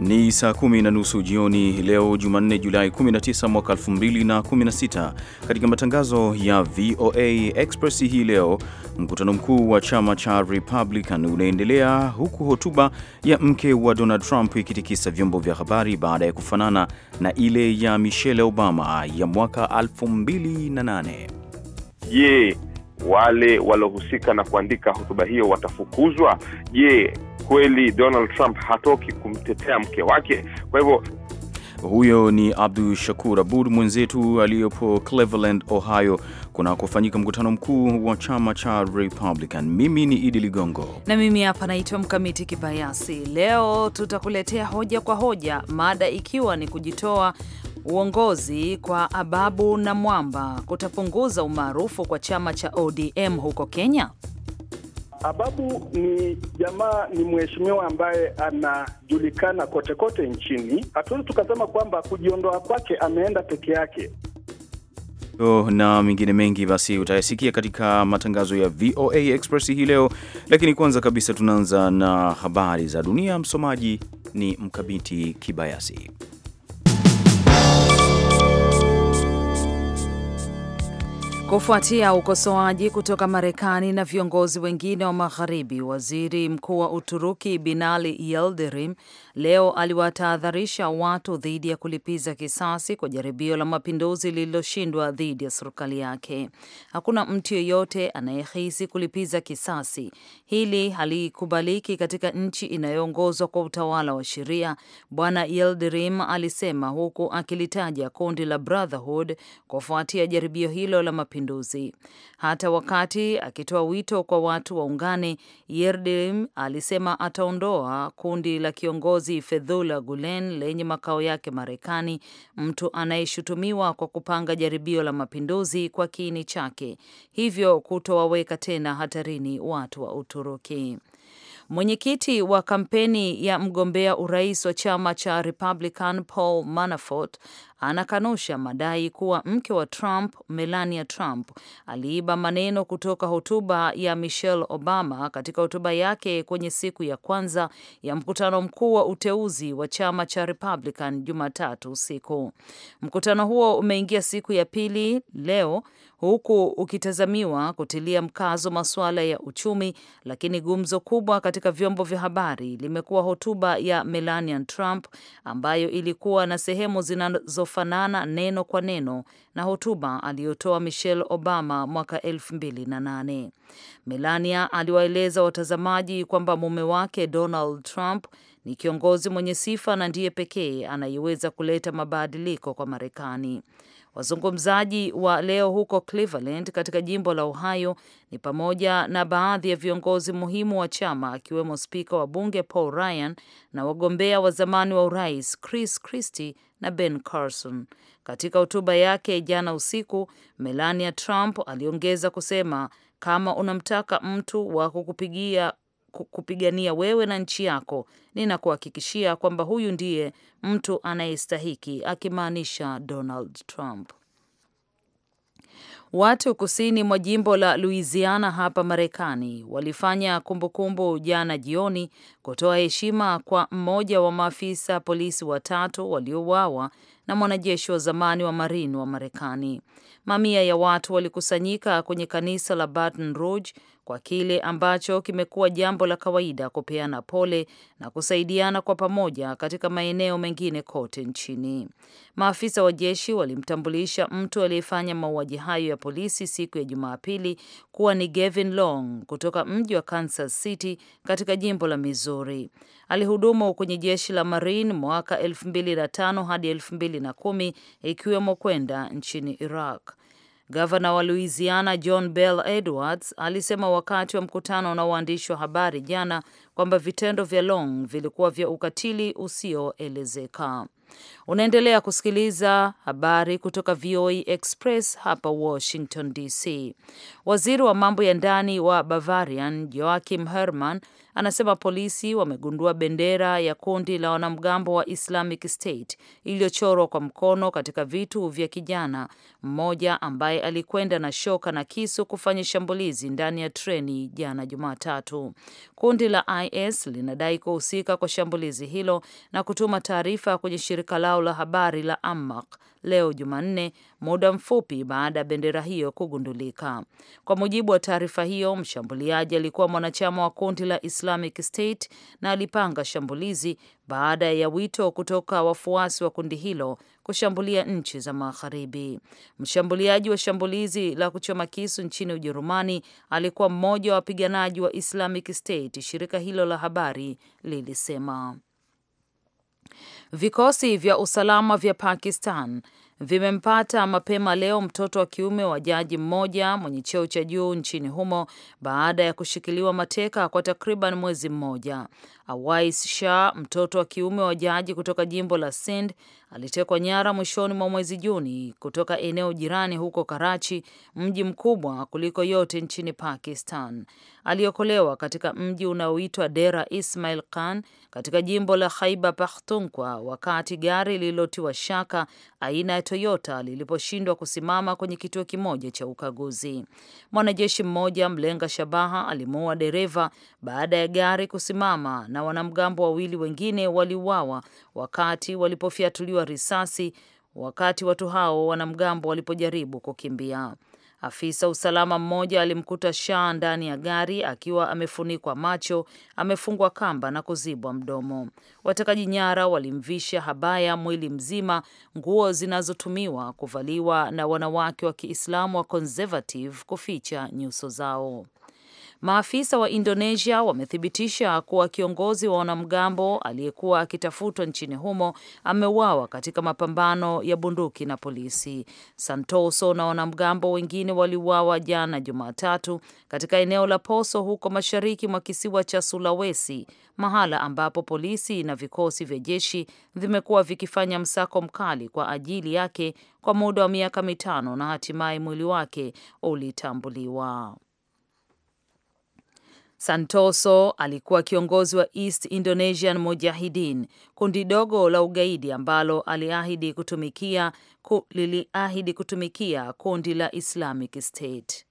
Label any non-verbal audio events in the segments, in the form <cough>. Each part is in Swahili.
Ni saa kumi na nusu jioni leo Jumanne, Julai 19 mwaka 2016. Katika matangazo ya VOA Express hii leo, mkutano mkuu wa chama cha Republican unaendelea huku hotuba ya mke wa Donald Trump ikitikisa vyombo vya habari baada ya kufanana na ile ya Michelle Obama ya mwaka 2008. Je, wale walohusika na kuandika hotuba hiyo watafukuzwa? Je, kweli Donald Trump hatoki kumtetea mke wake? Kwa hivyo huyo ni Abdu Shakur Abud mwenzetu aliyepo Cleveland, Ohio, kunakofanyika mkutano mkuu wa chama cha Republican. Mimi ni Idi Ligongo na mimi hapa naitwa Mkamiti Kibayasi. Leo tutakuletea hoja kwa hoja, mada ikiwa ni kujitoa Uongozi kwa Ababu na Mwamba kutapunguza umaarufu kwa chama cha ODM huko Kenya. Ababu ni jamaa, ni mheshimiwa ambaye anajulikana kote kote nchini. Hatuwezi tukasema kwamba kujiondoa kwake ameenda peke yake. Oh, na mengine mengi basi utayasikia katika matangazo ya VOA Express hii leo, lakini kwanza kabisa tunaanza na habari za dunia. Msomaji ni Mkabiti Kibayasi. Kufuatia ukosoaji kutoka Marekani na viongozi wengine wa Magharibi, waziri mkuu wa Uturuki Binali yelderim leo aliwatahadharisha watu dhidi ya kulipiza kisasi kwa jaribio la mapinduzi lililoshindwa dhidi ya serikali yake. Hakuna mtu yeyote anayehisi kulipiza kisasi, hili halikubaliki katika nchi inayoongozwa kwa utawala wa sheria, Bwana Yildirim alisema, huku akilitaja kundi la Brotherhood kufuatia jaribio hilo la mapinduzi. Hata wakati akitoa wito kwa watu waungane, Yildirim alisema ataondoa kundi la kiongozi ujasusi Fedhula Gulen lenye makao yake Marekani, mtu anayeshutumiwa kwa kupanga jaribio la mapinduzi kwa kiini chake, hivyo kutowaweka tena hatarini watu wa Uturuki. Mwenyekiti wa kampeni ya mgombea urais wa chama cha Republican Paul Manafort anakanusha madai kuwa mke wa Trump, Melania Trump, aliiba maneno kutoka hotuba ya Michelle Obama katika hotuba yake kwenye siku ya kwanza ya mkutano mkuu wa uteuzi wa chama cha Republican Jumatatu usiku. Mkutano huo umeingia siku ya pili leo huku ukitazamiwa kutilia mkazo masuala ya uchumi, lakini gumzo kubwa katika vyombo vya habari limekuwa hotuba ya Melania Trump ambayo ilikuwa na sehemu zinazofanana neno kwa neno na hotuba aliyotoa Michelle Obama mwaka elfu mbili na nane. Melania aliwaeleza watazamaji kwamba mume wake Donald Trump ni kiongozi mwenye sifa na ndiye pekee anayeweza kuleta mabadiliko kwa Marekani. Wazungumzaji wa leo huko Cleveland katika jimbo la Ohio ni pamoja na baadhi ya viongozi muhimu wa chama akiwemo spika wa bunge Paul Ryan na wagombea wa zamani wa urais Chris Christie na Ben Carson. Katika hotuba yake jana usiku, Melania Trump aliongeza kusema, kama unamtaka mtu wa kukupigia kupigania wewe na nchi yako, ninakuhakikishia kwamba huyu ndiye mtu anayestahiki, akimaanisha Donald Trump. Watu kusini mwa jimbo la Louisiana hapa Marekani walifanya kumbukumbu kumbu jana jioni kutoa heshima kwa mmoja wa maafisa polisi watatu waliouawa na mwanajeshi wa zamani wa Marine wa Marekani. Mamia ya watu walikusanyika kwenye kanisa la Baton Rouge kwa kile ambacho kimekuwa jambo la kawaida kupeana pole na kusaidiana kwa pamoja katika maeneo mengine kote nchini. Maafisa wa jeshi walimtambulisha mtu aliyefanya mauaji hayo ya polisi siku ya Jumapili kuwa ni Gavin Long kutoka mji wa Kansas City katika jimbo la Missouri. Alihudumu kwenye jeshi la Marine mwaka 2005 hadi 2010 ikiwemo kwenda nchini Iraq. Gavana wa Louisiana John Bell Edwards alisema wakati wa mkutano na waandishi wa habari jana kwamba vitendo vya Long vilikuwa vya ukatili usioelezeka. Unaendelea kusikiliza habari kutoka VOA Express hapa Washington DC. Waziri wa mambo ya ndani wa Bavarian Joachim Herman anasema polisi wamegundua bendera ya kundi la wanamgambo wa Islamic State iliyochorwa kwa mkono katika vitu vya kijana mmoja ambaye alikwenda na shoka na kisu kufanya shambulizi ndani ya treni jana Jumatatu. Kundi la IS linadai kuhusika kwa shambulizi hilo na kutuma taarifa kwenye shirika lao la habari la Amaq leo Jumanne, muda mfupi baada ya bendera hiyo kugundulika. Kwa mujibu wa taarifa hiyo, mshambuliaji alikuwa mwanachama wa kundi la Islamic State na alipanga shambulizi baada ya wito kutoka wafuasi wa kundi hilo kushambulia nchi za magharibi. Mshambuliaji wa shambulizi la kuchoma kisu nchini Ujerumani alikuwa mmoja wa wapiganaji wa Islamic State, shirika hilo la habari lilisema. Vikosi vya usalama vya Pakistan vimempata mapema leo mtoto wa kiume wa jaji mmoja mwenye cheo cha juu nchini humo baada ya kushikiliwa mateka kwa takriban mwezi mmoja. Awais Shah, mtoto wa kiume wa jaji kutoka jimbo la Sindh, alitekwa nyara mwishoni mwa mwezi Juni kutoka eneo jirani huko Karachi, mji mkubwa kuliko yote nchini Pakistan. Aliokolewa katika mji unaoitwa Dera Ismail Khan katika jimbo la Khaiba Pakhtunkhwa wakati gari lililotiwa shaka aina ya Toyota liliposhindwa kusimama kwenye kituo kimoja cha ukaguzi. Mwanajeshi mmoja mlenga shabaha alimuua dereva baada ya gari kusimama na na wanamgambo wawili wengine waliuawa wakati walipofyatuliwa risasi wakati watu hao wanamgambo walipojaribu kukimbia. Afisa usalama mmoja alimkuta Shah ndani ya gari akiwa amefunikwa macho, amefungwa kamba na kuzibwa mdomo. Watekaji nyara walimvisha habaya mwili mzima, nguo zinazotumiwa kuvaliwa na wanawake wa Kiislamu wa conservative kuficha nyuso zao. Maafisa wa Indonesia wamethibitisha kuwa kiongozi wa wanamgambo aliyekuwa akitafutwa nchini humo ameuawa katika mapambano ya bunduki na polisi. Santoso na wanamgambo wengine waliuawa jana Jumatatu katika eneo la Poso huko mashariki mwa kisiwa cha Sulawesi, mahala ambapo polisi na vikosi vya jeshi vimekuwa vikifanya msako mkali kwa ajili yake kwa muda wa miaka mitano na hatimaye mwili wake ulitambuliwa. Santoso alikuwa kiongozi wa East Indonesian mujahidin kundi dogo la ugaidi ambalo aliahidi kutumikia ku, liliahidi kutumikia kundi la Islamic State.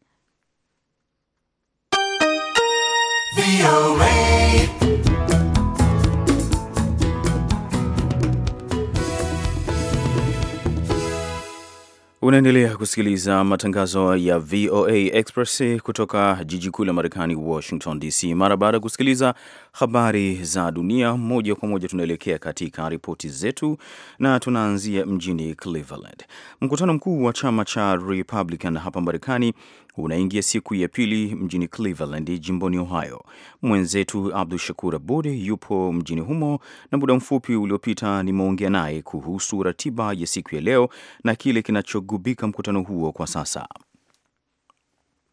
VOA. Unaendelea kusikiliza matangazo ya VOA Express kutoka jiji kuu la Marekani, Washington DC. Mara baada ya kusikiliza habari za dunia moja kwa moja, tunaelekea katika ripoti zetu na tunaanzia mjini Cleveland. Mkutano mkuu wa chama cha Republican hapa Marekani unaingia siku ya pili mjini Cleveland, jimboni Ohio. Mwenzetu Abdu Shakur Abud yupo mjini humo na muda mfupi uliopita nimeongea naye kuhusu ratiba ya siku ya leo na kile kinachogubika mkutano huo kwa sasa.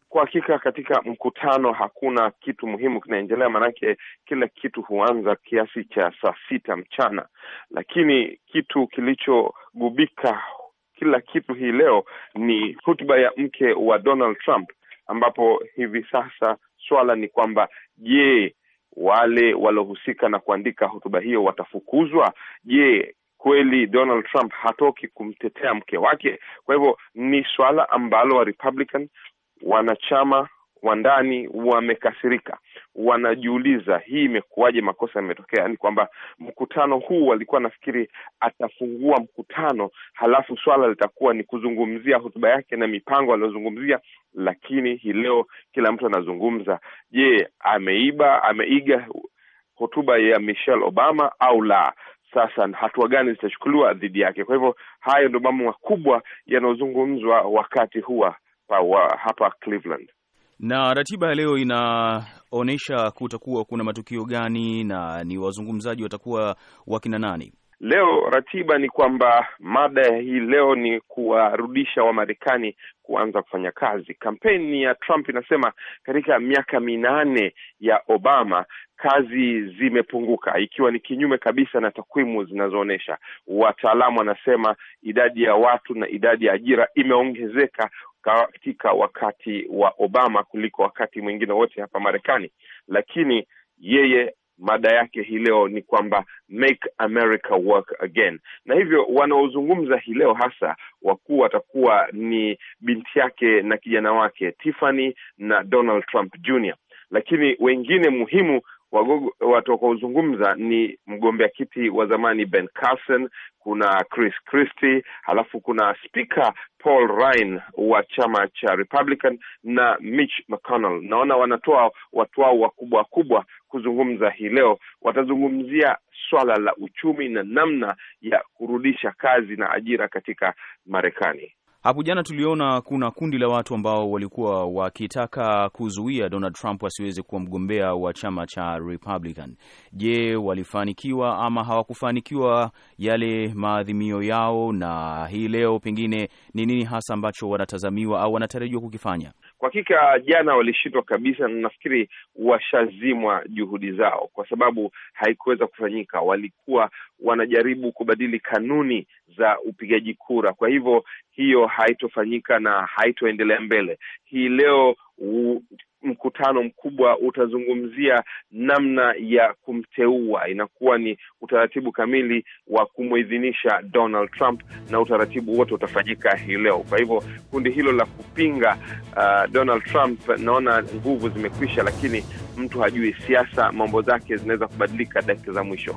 Kwa hakika katika mkutano hakuna kitu muhimu kinaendelea, maanake kila kitu huanza kiasi cha saa sita mchana, lakini kitu kilichogubika kila kitu hii leo ni hotuba ya mke wa Donald Trump, ambapo hivi sasa swala ni kwamba je, wale waliohusika na kuandika hotuba hiyo watafukuzwa? Je, kweli Donald Trump hatoki kumtetea mke wake? Kwa hivyo ni swala ambalo wa Republican wanachama wa ndani wamekasirika, wanajiuliza hii imekuwaje, makosa yametokea. Ni yaani kwamba mkutano huu walikuwa nafikiri atafungua mkutano, halafu swala litakuwa ni kuzungumzia hotuba yake na mipango aliyozungumzia, lakini hii leo kila mtu anazungumza, je, ameiba ameiga hotuba ya Michelle Obama au la? Sasa hatua gani zitachukuliwa dhidi yake? Kwa hivyo hayo ndio mambo makubwa yanayozungumzwa wakati huwa wa hapa Cleveland. Na ratiba ya leo inaonyesha kutakuwa kuna matukio gani na ni wazungumzaji watakuwa wakina nani? Leo ratiba ni kwamba mada ya hii leo ni kuwarudisha Wamarekani kuanza kufanya kazi. Kampeni ya Trump inasema katika miaka minane ya Obama kazi zimepunguka, ikiwa ni kinyume kabisa na takwimu zinazoonyesha. Wataalamu wanasema idadi ya watu na idadi ya ajira imeongezeka katika wakati wa Obama kuliko wakati mwingine wote hapa Marekani, lakini yeye mada yake hii leo ni kwamba make America work again, na hivyo wanaozungumza hii leo hasa wakuu watakuwa ni binti yake na kijana wake Tiffany na Donald Trump Jr, lakini wengine muhimu Wagogo watakaozungumza ni mgombea kiti wa zamani Ben Carson, kuna Chris Christie, halafu kuna spika Paul Ryan wa chama cha Republican na Mitch McConnell. Naona wanatoa watu wao wakubwa wakubwa kuzungumza hii leo. Watazungumzia swala la uchumi na namna ya kurudisha kazi na ajira katika Marekani. Hapo jana tuliona kuna kundi la watu ambao walikuwa wakitaka kuzuia Donald Trump asiweze kuwa mgombea wa chama cha Republican. Je, walifanikiwa ama hawakufanikiwa yale maadhimio yao? Na hii leo pengine ni nini hasa ambacho wanatazamiwa au wanatarajiwa kukifanya? Kwa hakika jana walishindwa kabisa, na nafikiri washazimwa juhudi zao, kwa sababu haikuweza kufanyika. Walikuwa wanajaribu kubadili kanuni za upigaji kura, kwa hivyo hiyo haitofanyika na haitoendelea mbele. Hii leo u, mkutano mkubwa utazungumzia namna ya kumteua. Inakuwa ni utaratibu kamili wa kumwidhinisha Donald Trump, na utaratibu wote utafanyika hii leo. Kwa hivyo kundi hilo la kupinga uh, Donald Trump, naona nguvu zimekwisha, lakini mtu hajui siasa, mambo zake zinaweza kubadilika dakika za mwisho.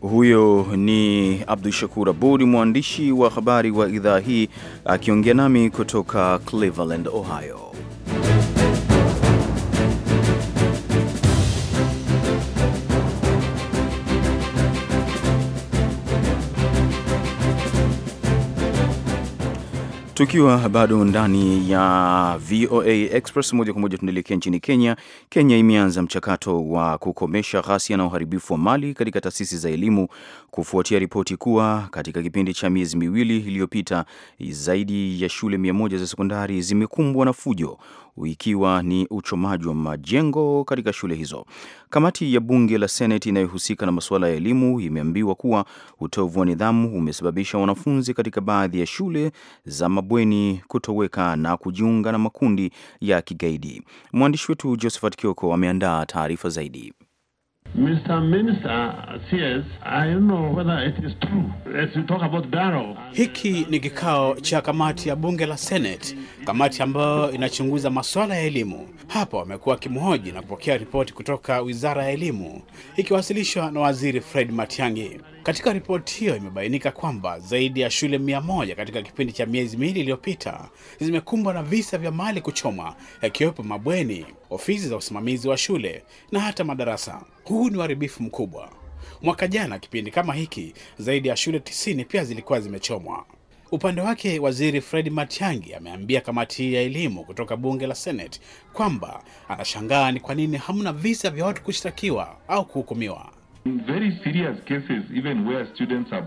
Huyo ni abdu Shakur Abud, mwandishi wa habari wa idhaa hii, akiongea nami kutoka Cleveland, Ohio. Tukiwa bado ndani ya VOA Express moja kwa moja tunaelekea nchini Kenya. Kenya imeanza mchakato wa kukomesha ghasia na uharibifu wa mali katika taasisi za elimu kufuatia ripoti kuwa katika kipindi cha miezi miwili iliyopita zaidi ya shule mia moja za sekondari zimekumbwa na fujo, ikiwa ni uchomaji wa majengo katika shule hizo. Kamati ya bunge la Seneti inayohusika na masuala ya elimu imeambiwa kuwa utovu wa nidhamu umesababisha wanafunzi katika baadhi ya shule za mabweni kutoweka na kujiunga na makundi ya kigaidi. Mwandishi wetu Josephat Kioko ameandaa taarifa zaidi. Hiki ni kikao cha kamati ya bunge la Senate, kamati ambayo inachunguza masuala ya elimu. Hapa wamekuwa wakimhoji na kupokea ripoti kutoka wizara ya elimu ikiwasilishwa na waziri Fred Matiang'i. Katika ripoti hiyo imebainika kwamba zaidi ya shule mia moja katika kipindi cha miezi miwili iliyopita zimekumbwa na visa vya mali kuchomwa, yakiwepo mabweni ofisi za usimamizi wa shule na hata madarasa. Huu ni uharibifu mkubwa. Mwaka jana kipindi kama hiki, zaidi ya shule 90 pia zilikuwa zimechomwa. Upande wake waziri Fred Matiang'i ameambia kamati ya elimu kutoka bunge la Seneti kwamba anashangaa ni kwa nini hamna visa vya watu kushtakiwa au kuhukumiwa. In very serious cases even where students are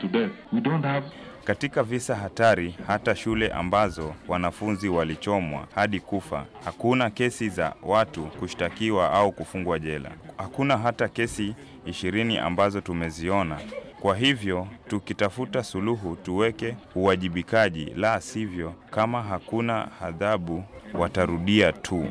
to death we don't have katika visa hatari, hata shule ambazo wanafunzi walichomwa hadi kufa, hakuna kesi za watu kushtakiwa au kufungwa jela. Hakuna hata kesi ishirini ambazo tumeziona. Kwa hivyo tukitafuta suluhu, tuweke uwajibikaji, la sivyo, kama hakuna adhabu, watarudia tu.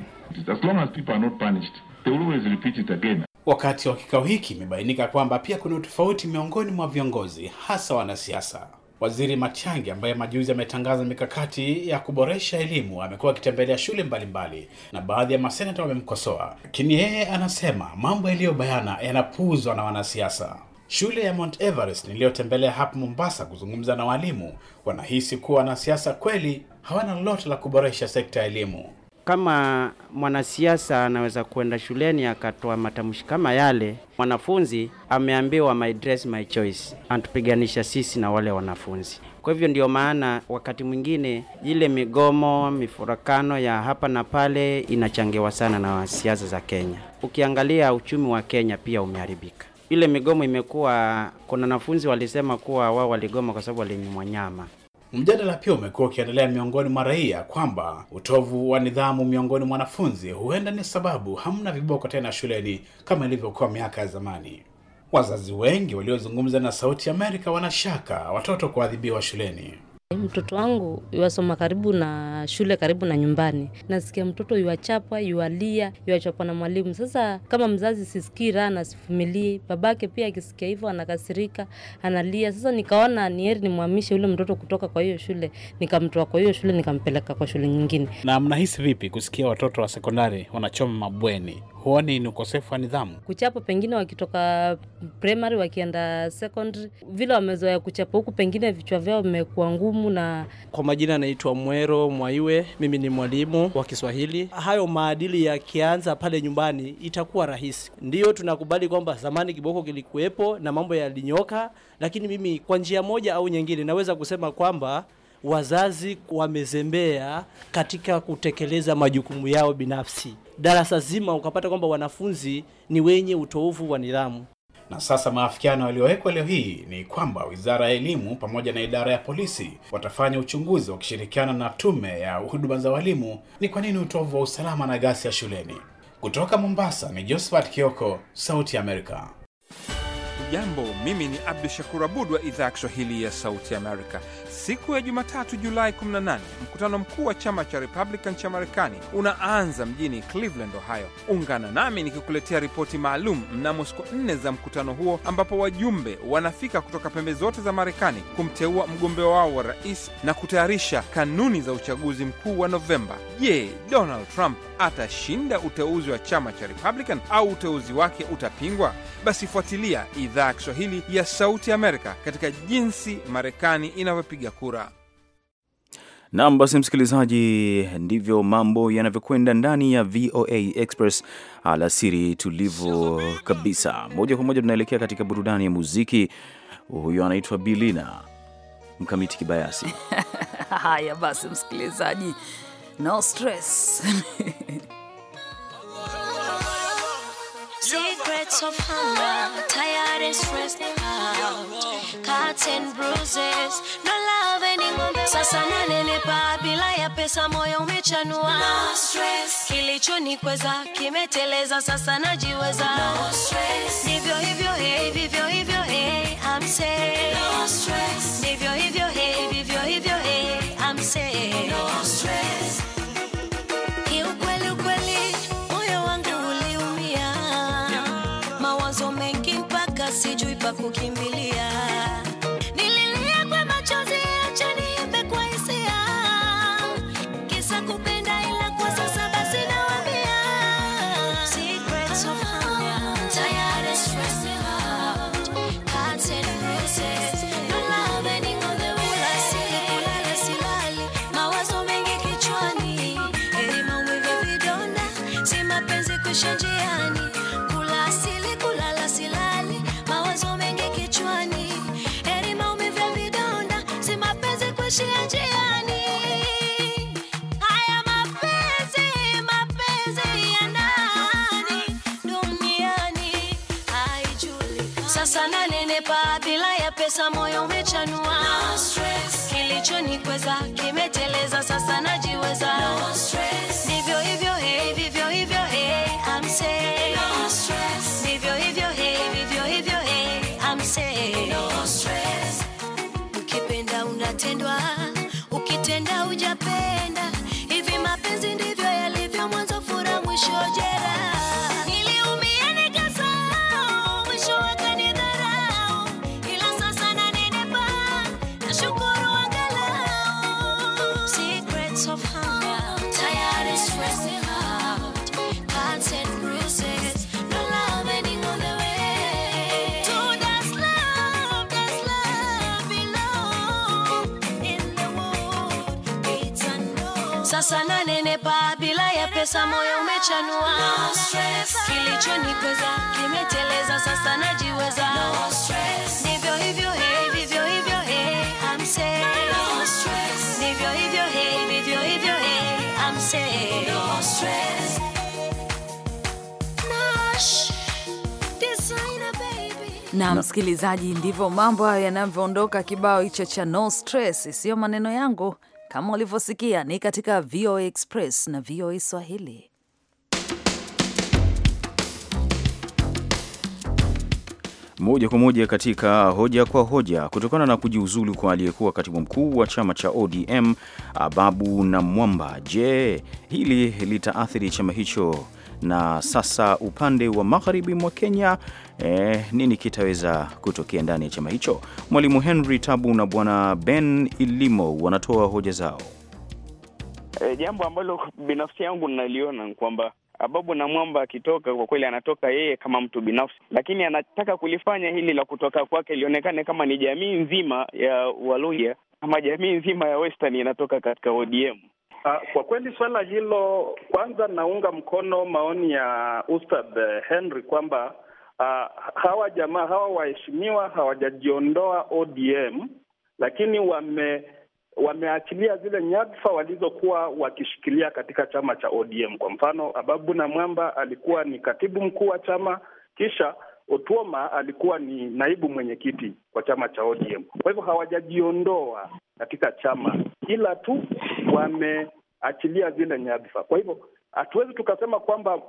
Wakati wa kikao hiki imebainika kwamba pia kuna utofauti miongoni mwa viongozi, hasa wanasiasa. Waziri Matiang'i ambaye majuzi ametangaza mikakati ya kuboresha elimu amekuwa akitembelea shule mbalimbali mbali, na baadhi ya maseneta wamemkosoa, lakini yeye anasema mambo yaliyo bayana yanapuuzwa na wanasiasa. Shule ya Mount Everest niliyotembelea hapa Mombasa kuzungumza na walimu, wanahisi kuwa wanasiasa kweli hawana lolote la kuboresha sekta ya elimu kama mwanasiasa anaweza kuenda shuleni akatoa matamshi kama yale, mwanafunzi ameambiwa my dress my choice, anatupiganisha sisi na wale wanafunzi. Kwa hivyo ndio maana wakati mwingine ile migomo, mifurakano ya hapa na pale inachangiwa sana na siasa za Kenya. Ukiangalia uchumi wa Kenya pia umeharibika ile migomo imekuwa, kuna wanafunzi walisema kuwa wao waligoma kwa sababu walinyimwa nyama. Mjadala pia umekuwa ukiendelea miongoni mwa raia kwamba utovu wa nidhamu miongoni mwa wanafunzi huenda ni sababu hamna viboko tena shuleni kama ilivyokuwa miaka ya zamani. Wazazi wengi waliozungumza na Sauti ya Amerika wanashaka watoto kuadhibiwa shuleni. Mtoto wangu yuwasoma karibu na shule, karibu na nyumbani. Nasikia mtoto yuwachapwa, yuwalia, yuwachapwa na mwalimu. Sasa kama mzazi sisikii raha na sifumilii, babake pia akisikia hivyo anakasirika, analia. Sasa nikaona ni heri nimwamishe ule mtoto kutoka kwa hiyo shule, nikamtoa kwa hiyo shule, nikampeleka kwa shule nyingine. Na mnahisi vipi kusikia watoto wa sekondari wanachoma mabweni? huoni ni ukosefu wa nidhamu? Kuchapa pengine wakitoka primary wakienda secondary, vile wamezoea kuchapa huku, pengine vichwa vyao vimekuwa ngumu. Na kwa majina anaitwa Mwero Mwaiwe, mimi ni mwalimu wa Kiswahili. Hayo maadili yakianza pale nyumbani itakuwa rahisi. Ndiyo tunakubali kwamba zamani kiboko kilikuwepo na mambo yalinyoka, lakini mimi kwa njia moja au nyingine naweza kusema kwamba wazazi wamezembea katika kutekeleza majukumu yao binafsi darasa zima ukapata kwamba wanafunzi ni wenye utovu wa nidhamu. Na sasa maafikiano yaliyowekwa leo hii ni kwamba Wizara ya Elimu pamoja na idara ya polisi watafanya uchunguzi wakishirikiana na Tume ya Huduma za Walimu ni kwa nini utovu wa usalama na gasi ya shuleni. Kutoka Mombasa ni Josephat Kioko, Sauti america Amerika. Hujambo, mimi ni Abdu Shakur Abud wa idhaa ya Kiswahili ya Sauti Amerika. Siku ya Jumatatu, Julai 18, mkutano mkuu wa chama cha Republican cha Marekani unaanza mjini Cleveland, Ohio. Ungana nami nikikuletea ripoti maalum mnamo siku nne za mkutano huo, ambapo wajumbe wanafika kutoka pembe zote za Marekani kumteua mgombea wao wa rais na kutayarisha kanuni za uchaguzi mkuu wa Novemba. Je, Donald Trump atashinda uteuzi wa chama cha Republican au uteuzi wake utapingwa? Basi fuatilia idhaa ya Kiswahili ya Sauti Amerika katika jinsi Marekani inavyopiga kura. Nam, basi msikilizaji, ndivyo mambo yanavyokwenda ndani ya VOA Express alasiri tulivu kabisa. Moja kwa moja tunaelekea katika burudani ya muziki. Huyo anaitwa Bilina Mkamiti Kibayasi. <laughs> Haya basi, msikilizaji no stress. Secrets of hunger, tired and stressed out, cuts and bruises, no love anymore. Sasa nanenepa bila ya pesa, moyo umechanua. No stress, Kilicho kilichonikweza kimeteleza, sasa najiweza. No stress, hivyo hivyo hey, vivyo hivyo hey, I'm safe. No stress pa kukimbilia. Nililia kwa machozi, acha niimbe kwa hisia, kisa kupenda, ila kwa sasa basi nawaambia Mawazo mengi kichwani, heri maumivu vidonda, si mapenzi kushanji hata moyo umechanua. No stress, kilichonikweza kimeteleza, sasa najiweza. No stress, hivyo hey, vivyo hivyo hey, I'm safe. hivyo hey, vivyo hivyo hey, I'm safe. ukipenda unatendwa, ukitenda ujapenda. Hivi mapenzi ndivyo yalivyo, mwanzo fura mwisho Sasa na nenepa bila ya pesa, moyo umechanua. No stress, kilichonipeza kimeteleza, sasa najiweza. No stress, ndivyo hivyo hey, vivyo hivyo hey, I'm safe. No stress, ndivyo hivyo hey, vivyo hivyo hey, I'm safe. No stress. Na msikilizaji, ndivyo mambo hayo yanavyoondoka, kibao hicho cha no stress, siyo maneno yangu kama ulivyosikia ni katika VOA Express na VOA Swahili. Moja kwa moja katika hoja kwa hoja. Kutokana na kujiuzulu kwa aliyekuwa katibu mkuu wa chama cha ODM Ababu na Mwamba, je, hili litaathiri chama hicho na sasa upande wa magharibi mwa Kenya eh, nini kitaweza kutokea ndani ya chama hicho? Mwalimu Henry Tabu na bwana Ben Ilimo wanatoa hoja zao. E, jambo ambalo binafsi yangu naliona ni kwamba Ababu na Mwamba akitoka kwa kweli anatoka yeye kama mtu binafsi, lakini anataka kulifanya hili la kutoka kwake lionekane kama ni jamii nzima ya Waluya ama jamii nzima ya Western inatoka katika ODM. Uh, kwa kweli swala hilo kwanza naunga mkono maoni ya Ustad Henry kwamba uh, hawa jamaa hawa waheshimiwa hawajajiondoa ODM, lakini wame wameachilia zile nyadhifa walizokuwa wakishikilia katika chama cha ODM. Kwa mfano, Ababu na Mwamba alikuwa ni katibu mkuu wa chama, kisha Otuoma alikuwa ni naibu mwenyekiti kwa chama cha ODM. Kwa hivyo hawajajiondoa katika chama, ila tu wameachilia zile nyadhifa. Kwa hivyo hatuwezi tukasema kwamba uh,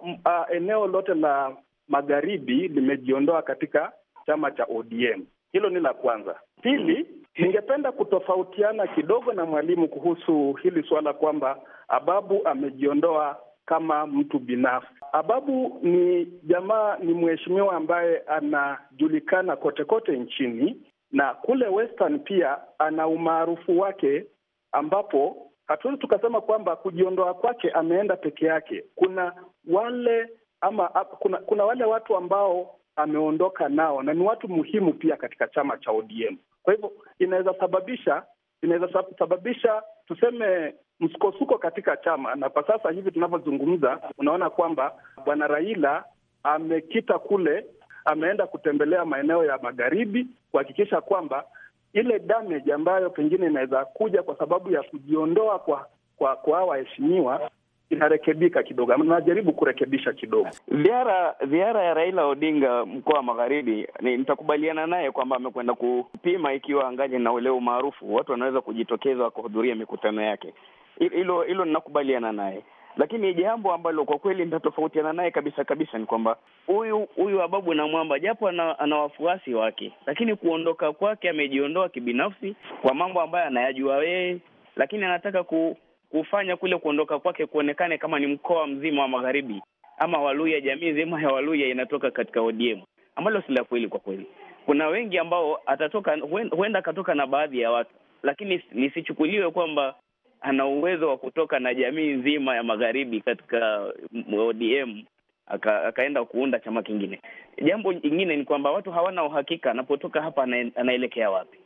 eneo lote la magharibi limejiondoa katika chama cha ODM. Hilo ni la kwanza. Pili, ningependa kutofautiana kidogo na mwalimu kuhusu hili suala kwamba Ababu amejiondoa kama mtu binafsi. Ababu ni jamaa, ni mheshimiwa ambaye anajulikana kote kote nchini na kule Western pia ana umaarufu wake, ambapo hatuwezi tukasema kwamba kujiondoa kwake ameenda peke yake. Kuna wale ama kuna, kuna wale watu ambao ameondoka nao na ni watu muhimu pia katika chama cha ODM. Kwa hivyo inaweza sababisha inaweza sababisha tuseme msukosuko katika chama, na kwa sasa hivi tunavyozungumza, unaona kwamba bwana Raila amekita kule, ameenda kutembelea maeneo ya magharibi kuhakikisha kwamba ile damage ambayo pengine inaweza kuja kwa sababu ya kujiondoa kwa kwa kwa waheshimiwa inarekebika kidogo, najaribu kurekebisha kidogo. Ziara ziara ya Raila Odinga mkoa wa Magharibi, nitakubaliana naye kwamba amekwenda kupima ikiwa angali na ule umaarufu, watu wanaweza kujitokeza kuhudhuria mikutano yake. Hilo hilo ninakubaliana naye. Lakini jambo ambalo kwa kweli nitatofautiana naye kabisa kabisa ni kwamba huyu huyu Ababu na Mwamba, japo ana, ana wafuasi wake, lakini kuondoka kwake amejiondoa kibinafsi kwa mambo ambayo anayajua yeye, lakini anataka ku, kufanya kule kuondoka kwake kuonekane kama ni mkoa mzima wa magharibi ama Waluya, jamii nzima ya Waluya inatoka katika ODM, ambalo si la kweli. Kwa kweli kuna wengi ambao atatoka, huenda akatoka na baadhi ya watu, lakini lisichukuliwe kwamba ana uwezo wa kutoka na jamii nzima ya magharibi katika ODM aka, akaenda kuunda chama kingine. Jambo jingine ni kwamba watu hawana uhakika anapotoka hapa anaelekea wapi.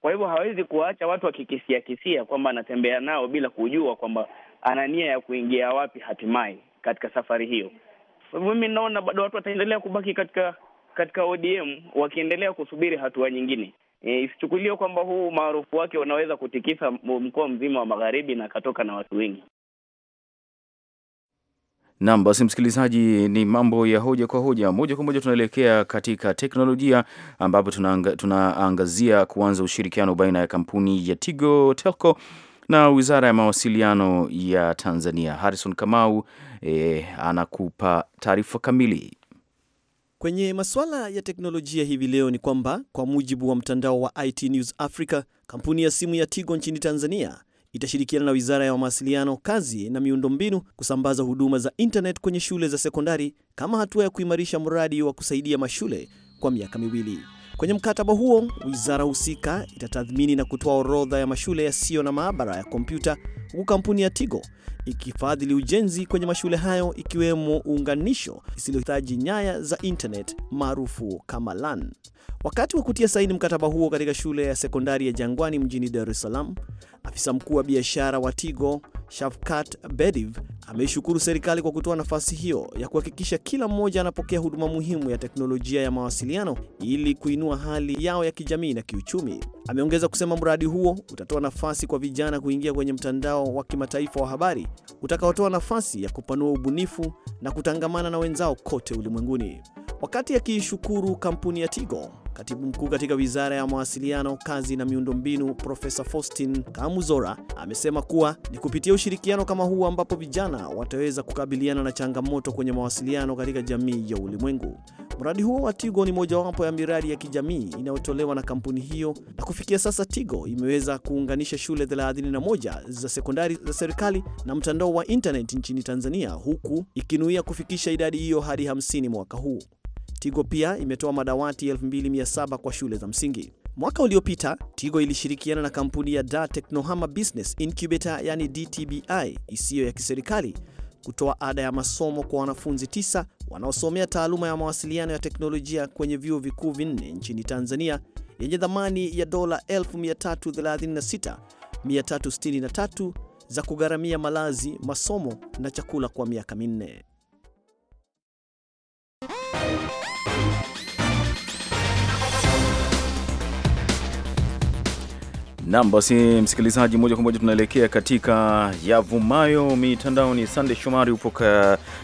Kwa hivyo hawezi kuwaacha watu wakikisiakisia kisia kwamba anatembea nao bila kujua kwamba ana nia ya kuingia wapi hatimaye katika safari hiyo. Kwa hivyo mimi naona bado watu wataendelea kubaki katika katika ODM wakiendelea kusubiri hatua nyingine. E, isichukuliwe kwamba huu umaarufu wake unaweza kutikisa mkoa mzima wa magharibi na akatoka na watu wengi. Naam, basi msikilizaji, ni mambo ya hoja kwa hoja. Moja kwa moja tunaelekea katika teknolojia ambapo tunaangazia tuna kuanza ushirikiano baina ya kampuni ya Tigo Telco na Wizara ya Mawasiliano ya Tanzania. Harrison Kamau eh, anakupa taarifa kamili. Kwenye masuala ya teknolojia hivi leo ni kwamba kwa mujibu wa mtandao wa IT News Africa, kampuni ya simu ya Tigo nchini Tanzania itashirikiana na Wizara ya Mawasiliano, Kazi na Miundombinu kusambaza huduma za internet kwenye shule za sekondari kama hatua ya kuimarisha mradi wa kusaidia mashule kwa miaka miwili. Kwenye mkataba huo, wizara husika itatathmini na kutoa orodha ya mashule yasiyo na maabara ya kompyuta, huku kampuni ya Tigo ikifadhili ujenzi kwenye mashule hayo ikiwemo uunganisho isilohitaji nyaya za internet maarufu kama LAN. Wakati wa kutia saini mkataba huo katika shule ya sekondari ya Jangwani mjini Dar es Salaam, afisa mkuu wa biashara wa Tigo Shafkat Bediv ameishukuru serikali kwa kutoa nafasi hiyo ya kuhakikisha kila mmoja anapokea huduma muhimu ya teknolojia ya mawasiliano ili kuinua hali yao ya kijamii na kiuchumi. Ameongeza kusema mradi huo utatoa nafasi kwa vijana kuingia kwenye mtandao wa kimataifa wa habari utakaotoa nafasi ya kupanua ubunifu na kutangamana na wenzao kote ulimwenguni. Wakati akiishukuru kampuni ya Tigo Katibu mkuu katika wizara ya mawasiliano, kazi na miundombinu, Profesa Faustin Kamuzora amesema kuwa ni kupitia ushirikiano kama huu ambapo vijana wataweza kukabiliana na changamoto kwenye mawasiliano katika jamii ya ulimwengu. Mradi huo wa Tigo ni mojawapo ya miradi ya kijamii inayotolewa na kampuni hiyo, na kufikia sasa Tigo imeweza kuunganisha shule 31 za sekondari za serikali na mtandao wa intaneti nchini Tanzania, huku ikinuia kufikisha idadi hiyo hadi 50 mwaka huu. Tigo pia imetoa madawati 2700 kwa shule za msingi. Mwaka uliopita Tigo ilishirikiana na kampuni ya Dar Technohama Business Incubator yani DTBI isiyo ya kiserikali kutoa ada ya masomo kwa wanafunzi tisa wanaosomea taaluma ya mawasiliano ya teknolojia kwenye vyuo vikuu vinne nchini Tanzania yenye thamani ya dola 336363 za kugharamia malazi, masomo na chakula kwa miaka minne. Nam, basi msikilizaji, moja kwa moja tunaelekea katika yavumayo mitandaoni. Sande Shomari, upo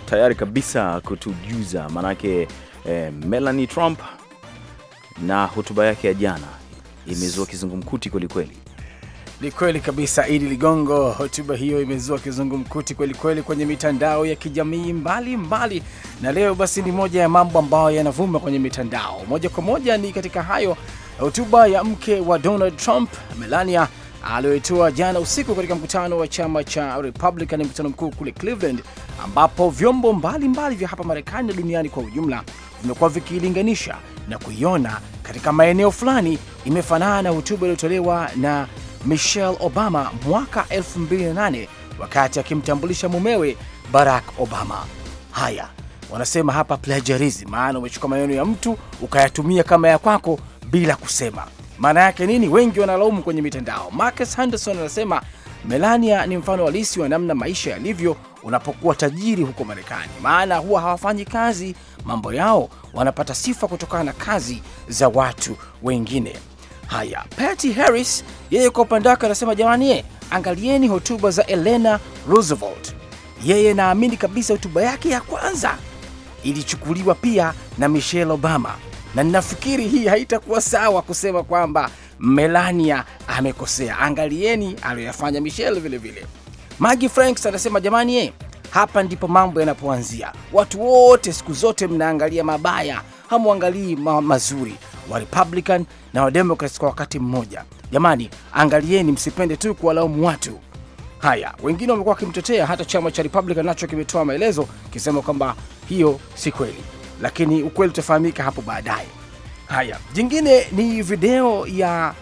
tayari kabisa kutujuza maanake? Eh, Melanie Trump na hotuba yake ya jana imezua kizungumkuti kwelikweli. Ni kweli kabisa, Idi Ligongo. Hotuba hiyo imezua kizungumkuti kwelikweli kwenye mitandao ya kijamii mbalimbali mbali. Na leo basi ni moja ya mambo ambayo yanavuma kwenye mitandao moja kwa moja, ni katika hayo Hotuba ya mke wa Donald Trump Melania aliyoitoa jana usiku katika mkutano wa chama cha Republican, mkutano mkuu kule Cleveland, ambapo vyombo mbalimbali mbali vya hapa Marekani na duniani kwa ujumla vimekuwa vikiilinganisha na kuiona katika maeneo fulani imefanana na hotuba iliyotolewa na Michelle Obama mwaka 2008 wakati akimtambulisha mumewe Barack Obama. Haya wanasema hapa plagiarism, maana umechukua maneno ya mtu ukayatumia kama ya kwako bila kusema. Maana yake nini? Wengi wanalaumu kwenye mitandao. Marcus Henderson anasema Melania ni mfano halisi wa namna maisha yalivyo unapokuwa tajiri huko Marekani, maana huwa hawafanyi kazi, mambo yao wanapata sifa kutokana na kazi za watu wengine. Haya, Patty Harris yeye kwa upande wake anasema jamani, ye, eh, angalieni hotuba za Elena Roosevelt. Yeye naamini kabisa hotuba yake ya kwanza ilichukuliwa pia na Michelle Obama na ninafikiri hii haitakuwa sawa kusema kwamba Melania amekosea. Angalieni aliyoyafanya Michelle vile vile. Maggie Franks anasema jamani, ye, eh, hapa ndipo mambo yanapoanzia. Watu wote siku zote mnaangalia mabaya, hamwangalii ma mazuri, wa Republican na wa kwa wakati mmoja. Jamani, angalieni, msipende tu kuwalaumu watu. Haya, wengine wamekuwa wakimtetea, hata chama cha Republican nacho kimetoa maelezo kisema kwamba hiyo si kweli lakini ukweli utafahamika hapo baadaye. Haya, jingine ni video ya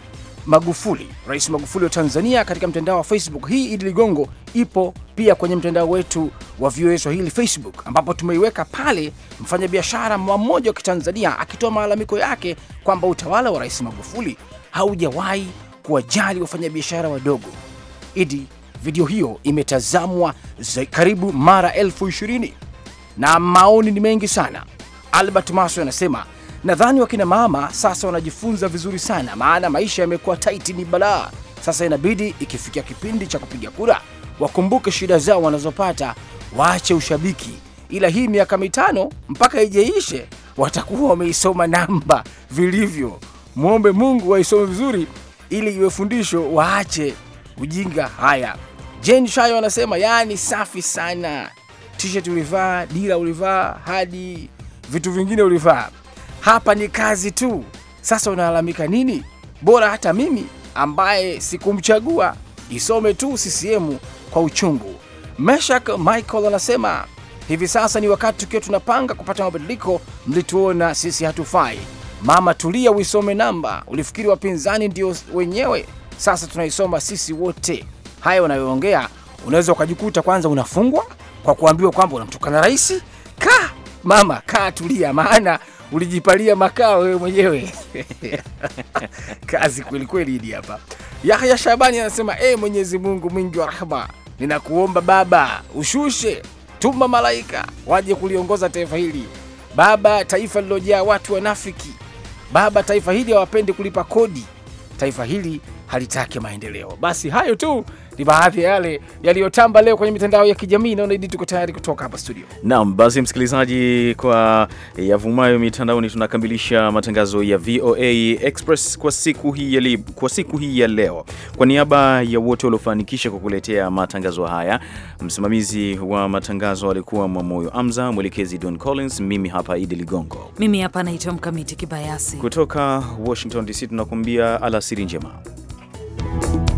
Magufuli, Rais Magufuli wa Tanzania katika mtandao wa Facebook. Hii Idi Ligongo ipo pia kwenye mtandao wetu wa VOA Swahili Facebook, ambapo tumeiweka pale mfanyabiashara mmoja wa Kitanzania akitoa malalamiko yake kwamba utawala wa Rais Magufuli haujawahi kuwajali wafanyabiashara wadogo. Idi, video hiyo imetazamwa karibu mara elfu ishirini na maoni ni mengi sana. Albert Maso anasema nadhani wakina mama sasa wanajifunza vizuri sana, maana maisha yamekuwa taiti, ni balaa. Sasa inabidi ikifikia kipindi cha kupiga kura wakumbuke shida zao wanazopata, waache ushabiki, ila hii miaka mitano mpaka ijeishe watakuwa wameisoma namba vilivyo. Mwombe Mungu waisome vizuri ili iwe fundisho, waache ujinga. Haya, Jane Shayo anasema yaani safi sana, t-shirt ulivaa, dira ulivaa hadi vitu vingine ulivaa. Hapa ni kazi tu. Sasa unalalamika nini? Bora hata mimi ambaye sikumchagua isome tu CCM kwa uchungu. Meshak Michael anasema hivi sasa ni wakati tukiwa tunapanga kupata mabadiliko, mlituona sisi hatufai. Mama tulia, uisome namba, ulifikiri wapinzani ndio wenyewe? Sasa tunaisoma sisi wote. Haya unayoongea unaweza ukajikuta kwanza unafungwa kwa kuambiwa kwamba unamtukana rais ka mama, kaa tulia, maana ulijipalia makao wewe mwenyewe <laughs> kazi kwelikweli. Idi hapa Yahya Shabani anasema e, Mwenyezi Mungu mwingi wa rahma, ninakuomba Baba ushushe, tuma malaika waje kuliongoza taifa hili Baba, taifa lilojaa watu wanafiki Baba, taifa hili hawapendi kulipa kodi, taifa hili halitaki maendeleo. Basi hayo tu ni baadhi ya yale yaliyotamba leo kwenye mitandao ya kijamii. Naona Idi, tuko tayari kutoka hapa studio. Naam, basi msikilizaji, kwa yavumayo mitandaoni, tunakamilisha matangazo ya VOA Express kwa siku hii ya, li, kwa siku hii ya leo. Kwa niaba ya wote waliofanikisha kukuletea matangazo haya, msimamizi wa matangazo alikuwa Mwamoyo Amza, mwelekezi Don Collins, mimi hapa Idi Ligongo, mimi hapa naitwa Mkamiti Kibayasi kutoka Washington DC, tunakuambia alasiri njema. you